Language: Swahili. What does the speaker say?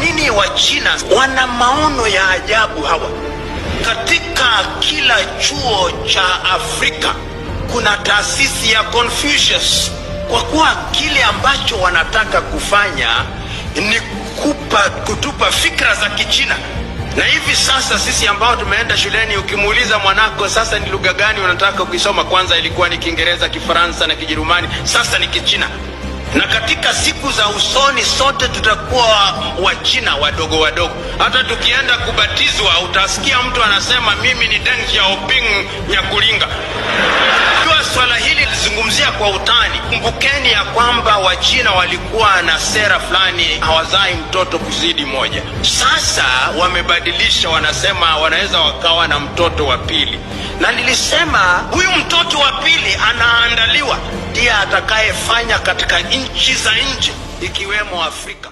nini Wachina wana maono ya ajabu hawa? Katika kila chuo cha Afrika kuna taasisi ya Confucius, kwa kuwa kile ambacho wanataka kufanya ni kupa, kutupa fikra za Kichina. Na hivi sasa sisi ambao tumeenda shuleni, ukimuuliza mwanako, sasa ni lugha gani unataka kuisoma? Kwanza ilikuwa ni Kiingereza, Kifaransa na Kijerumani, sasa ni Kichina na katika siku za usoni sote tutakuwa wachina wadogo wadogo. Hata tukienda kubatizwa, utasikia mtu anasema mimi ni Deng Xiaoping Nyakulinga. kiwa swala hili lizungumzia kwa utani. Kumbukeni ya kwamba wachina walikuwa na sera fulani, hawazai mtoto kuzidi moja. Sasa wamebadilisha, wanasema wanaweza wakawa na mtoto wa pili, na nilisema huyu mtoto wa pili anaandaliwa ndiye atakaye kufanya katika nchi za nje ikiwemo Afrika.